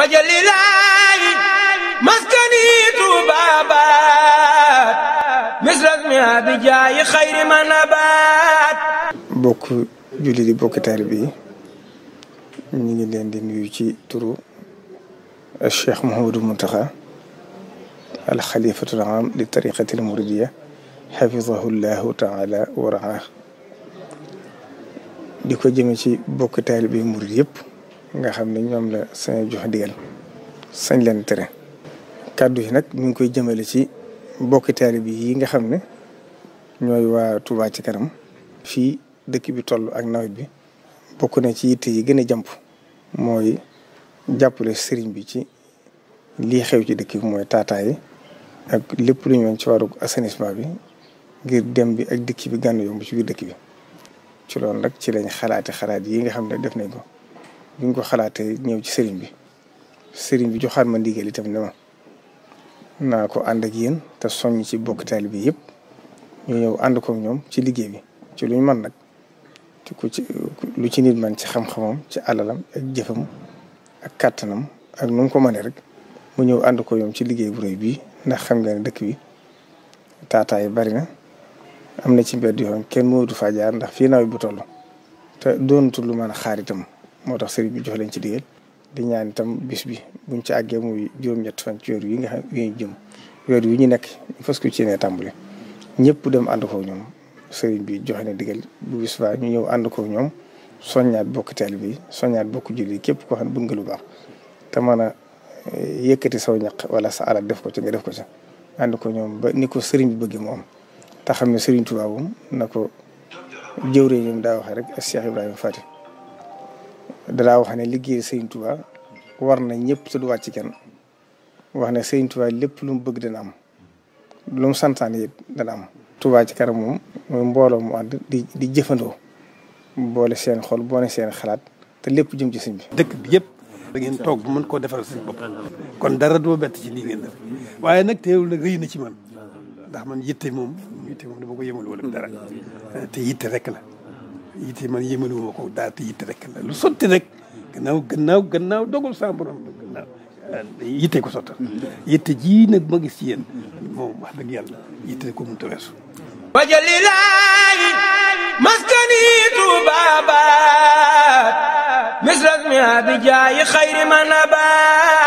wajalilaayi maskani tuubaabaat misras mi abijaayi xayri manabaat bokk julli di bokk taalibe yi ñu ngi leen di nuyu ci turu Cheikh Mouhamadou Mountakha alxalifatul aam li tariqatil muridiya xafidahu taala wa di ko jëme ci bokk taalibe murid yëpp nga xam ne ñoom la sañ jox digal sañ leen tere kàddu yi nag mi ngi koy jëmale ci bokki taalibe yi nga xam ne ñooy waa Touba ci kanam fii dëkk bi toll ak nawet bi bokk na ci yitte yi gën a jàmp mooy jàppale sëriñ bi ci lii xew ci dëkk bi mooy taataay ak lépp lu ñu mën ci wàllu assainissement bi ngir dem bi ak dëkk bi gànn yomb ci biir dëkk bi ci lool nag ci lañ xalaati xalaat yi nga xam ne def nañ ko bi ñu ko xalaatee ñëw ci sëriñ bi sëriñ bi joxaat ma ndigal itam ne ma naa ko ànd ak yéen te soññ ci bokk taalibe bi yëpp ñu ñëw ànd ñoom ci liggéey bi ci lu ñu mën nag ko ku ci lu ci nit man ci xam-xamam ci alalam ak jëfam ak kàttanam ak nu ko mënee rek mu ñëw ànd ko ñoom ci liggéey bu rëy bii ndax xam nga ne dëkk bi taataay bari na am na ci mbedd yoon kenn moo du fa ndax fii nawet bu toll te doonatul lu mën a xaar itam moo tax sëriñ bi jox leen ci digal di ñaan itam bis bi buñ ci àggee muy juróom-ñett fan ci weer yi nga xam yi ñu jëm weer yu ñu nekk fas ko ci ne tàmbali ñëpp dem ànd ko ñoom sëriñ bi joxe ne digal bu bis ba ñu ñëw ànd ko ñoom soññaat bokk teel bi soññaat bokk julli képp koo xam ne nga lu baax te mën a eh, yëkkati saw ñaq wala sa alal def ko ci def ko ci ànd ko ñoom ba ni ko sëriñ bi bëgg moom te xam ne sëriñ Tuubaa na ko jëwree ñoom daa waxee rek Cheikh Ibrahima Fati danaa wax ne liggéey sëñ Tuubaa war na ñëpp te du wàcc kenn wax ne sëñ Tuubaa lépp lu mu bëgg dana am lu mu santaane it dana am. tubaa ci kanam moom mooy mbooloo mu ànd di di jëfandoo boole seen xol boole seen xalaat te lépp jëm ci sëñ bi. dëkk bi yëpp. da ngeen toog mën koo defal suñu bopp. kon dara doo bett ci lii ngeen def waaye nag teewul nag rëy na ci man ndax man yitte moom yitte moom dama ko yëmal wala dara te yitte rek la. yitte man yéemalu ma ko daal yitte rek lu sotti rek gannaaw gannaaw gannaaw dogal sa borom gannaaw yitte ko sottal yitte ji nag ma gis moom wax dëgg yàlla yitte ko mënut a weesu wajalilaayi maskani tubabat misras mi abi jaayi man abat